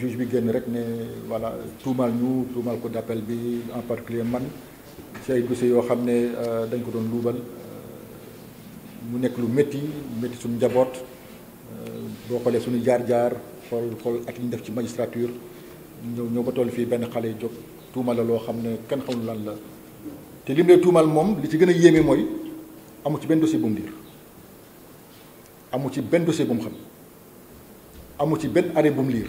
juge bi génn rek ne voilà tuumaal ñu tuumaal ko d'appel bi en particulier man ci ay dossiers yoo xam ne euh, dañ ko doon luubal euh, mu nekk lu métti métti suñu njaboot euh, boo xoolee suñu jaar-jaar xool xool ak ñu def ci magistrature ñëw ñoo ko toll fii benn xale jóg tuumal la loo xam ne kenn xamul lan la te lim lay tuumal moom li ci gën a yéeme mooy amu ci benn dossier bu mu diir amu ci benn dossier bu mu xam amu ci benn arrêt bu mu liir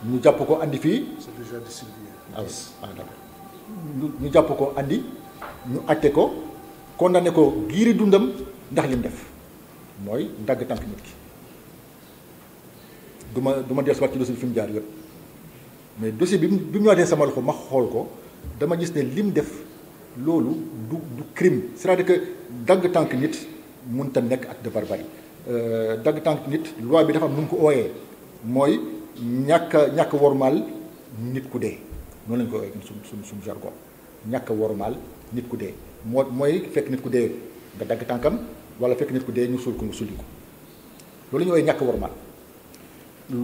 ñu ko andi fi c'est déjà distribué. ah ah d'accord ñu ko andi ñu àtte ko condamné ko dundam ndax def mooy nit ki du du dossier mais dossier bim bim sama loxo ma xool ko dama gis def du du crime c'est-à-dire que dag tank nit mënut a nekk de barbarie euh, dag tank nit loi bi dafa mën ko oyé moy ñàkk ñàkk wormaal nit ku dee noonu lañ koy waxee suñ suñ suñ jargon ñàkk a wormaal nit ku dee moo mooy fekk nit ku dee nga dagg tànkam wala fekk nit ku dee ñu suul ko nga sulli ko loolu ñu woowee ñàkk wormaal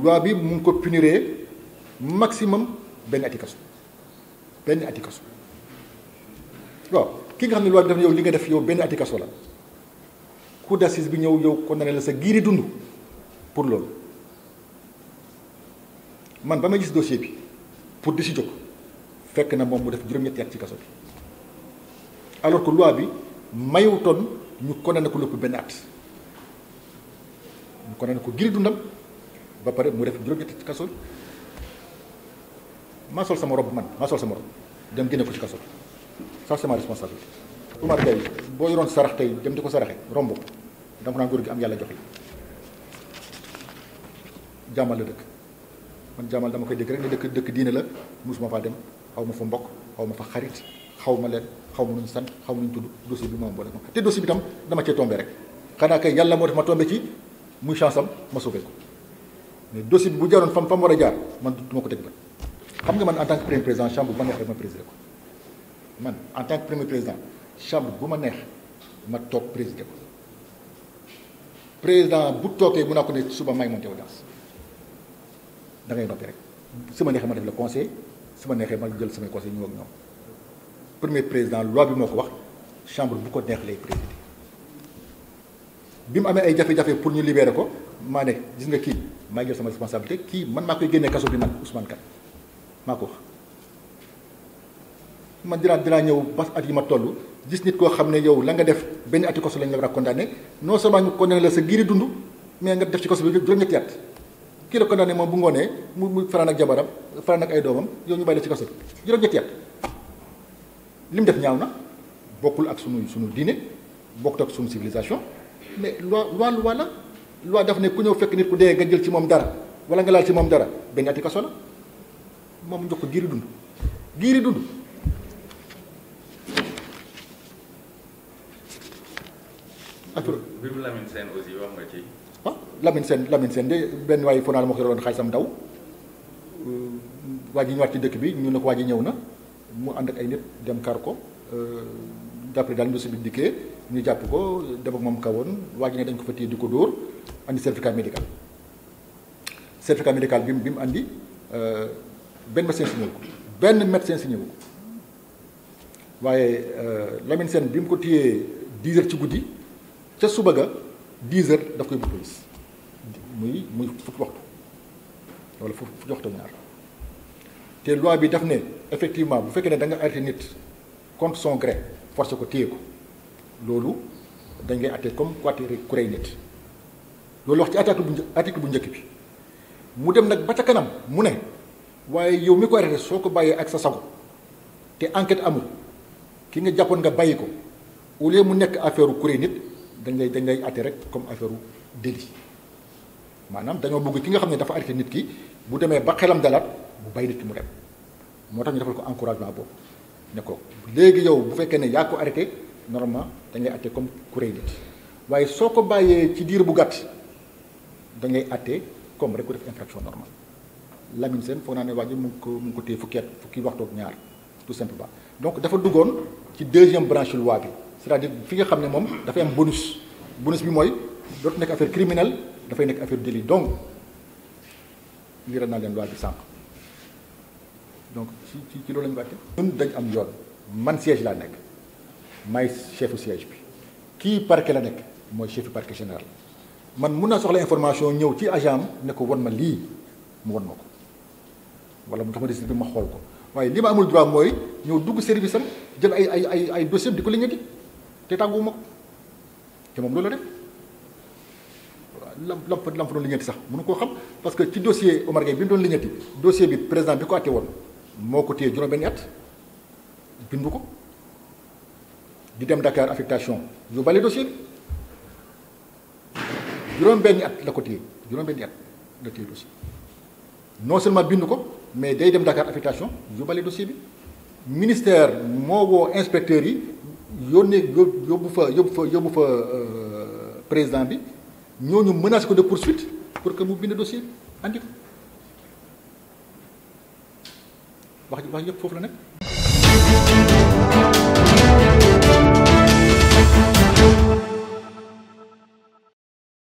loi bi mu ngi ko puniree maximum benn ati kaso benn ati kaso waaw ki nga xam ne loi bi daf yow li nga def yow benn attikaso la cour d'assise bi ñëw yow condamné la sa giiri dund pour loolu man ba may gis dossier bi pour di si jóg fekk na moom mu def juróom-ñetti at ci kaso bi alors que loi bi mayutoon ñu condamné ko lépp benn at kone condamné ko giri dundam ba pare mu def juróom-ñetti at ci kaso bi maa sol sama rob man ma sol sama rob dem génne ko ci kaso bi ça c'est ma responsabilité. Oumar boo yoroon sarax tey dem di ko saraxe romb ko donc naa góor gi am yàlla jox la jàmmal la dëkk. man jamal dama koy deug rek ne deuk deuk diine la musuma fa dem xawma fa mbokk xawma fa xarit xawma len leen xaw nuñ sant xaw ma nuñ tudd dossier bi moom boole ma te dossier bi tam dama ci tomber rek xana kay yalla mo def ma tombé ci muy chansam ma sauvé ko mais dossier bi bu jaron fam fam wara jaar man du ma ko teg ba xam nga man en tant que premier président chambre bu ma neex rek ma présider ko man en tant que premier président chambre bu ma neex ma top présider ko président bu toké bu naa ko ne suba may monté audience da ngay noppi rek su ma neexee ma def le conseil su ma neexee ma jël sama conseil ñu ak ñoom premier président loi bi moo ko wax chambre bu ko neex lay présider bi mu amee ay jafe-jafe pour ñu libérer ko maa ne gis nga kii maa jël sama responsabilité kii man maa koy génnee kaso bi man Ousmane Kane maa ko wax man dinaa dinaa ñëw bas at yi ma toll gis nit koo xam ne yow la nga def benn ati kaso lañ la war a condamné non seulement ñu condamné la sa giiri dund mais nga def ci kaso bi juróom-ñetti at kii la condamné moom bu ngoonee mu mu fanaan ak jabaram fanaan ak ay doomam yow ñu bàyyi la ci kaso bi juróom-ñetti li mu def ñaaw na bokkul ak sunu sunu diine bokkul ak sunu civilisation mais loi loi loi la ne ku ñëw fekk nit ku nga jël ci moom dara wala nga laal ci moom dara benn ati kaso la moom ko giiri dund giiri dund ci Lamine Sène Lamine Sène de benn waaye foo naa la ma ko yoroon xaalisam daw waa ji ñëwaat ci dëkk bi ñu ne ko ñëw na mu ànd ay nit dem kar ko d'après euh, daal dossier bi ñu jàpp ko dem moom kawoon waa dañ ko fa téye ko dóor andi certificat médical certificat bi mu andi benn euh, benn médecin signé ko waaye euh, Lamine Sène bi mu ko téyee 10 ci guddi ca suba ga 10 heures daf koy bu police muy muy fukki waxtu wala fukki waxtu ñaar te loi bi daf ne effectivement bu fekkee ne da nga arrêté nit son gré forcé ko téye ko loolu dañ ngay atte comme ku atte ku rey nit loolu wax ci article bu article bu njëkk bi mu dem nag ba ca kanam mu ne waaye yow mi ko arrêté soo ko bàyyee ak sa sago te enquête amul ki nga jàppoon nga bàyyi ko au lieu mu nekk affaire u ku nit dañ lay dañ lay atte rek comme affaire u délit manam dañu bëgg ki nga xamné dafa arrêté nit ki bu démé ba xélam dalat bu bay nit mu dem motax ñu defal ko encouragement boobu né ko légui yow bu fekkee né yaa ko arrêté normalement dañ lay atté comme ku rey nit waaye soko bayé ci diir bu gàtt dañ lay atté comme rek def infraction normale Lamine sen fo na né waji mu ko mu ko té fukki at fukki waxtu ak ñaar tout simplement donc dafa duggoon ci deuxième branche loi bi c'est-à-dire fi nga xamné mom dafa am bonus bonus bi moy dot nek affaire criminelle dafay nekk affaire délit donc liiral naa leen loi bi sànq donc ci ci ci loolu la ñu wàcce dañ am yoon man siège laa nekk maay chefu siège bi kii parquet la nekk mooy chefu parquet général man mun naa soxla information ñëw ci agent am ne ko wan ma lii mu wan ma ko wala mu tax ma décidé bi ma xool ko waaye li ma amul droit mooy ñëw dugg service am jël ay ay ay ay dossier di ko liggéey te tàgguwu ko te moom loolu la def lam lam fa lam fa doon liggéeyanti sax mënu xam parce que ci dossier Omar Gueye bi mu doon liggéeyanti dossier bi président bi ko àtte woon moo ko téye juróom at bindu ko di dem Dakar affectation balé dossier bi ben at la ko téye juróom ben at la téye dossier non seulement bindu ko mais day dem Dakar affectation balé dossier bi ministère moo woo inspecteurs yi yónnee yóbbu fa yóbbu fa yóbbu fa euh, président bi. ñooñu menacé ko pour poursuite pour que mu bind dossier bi andi ko wax wax yëpp foofu la nekk.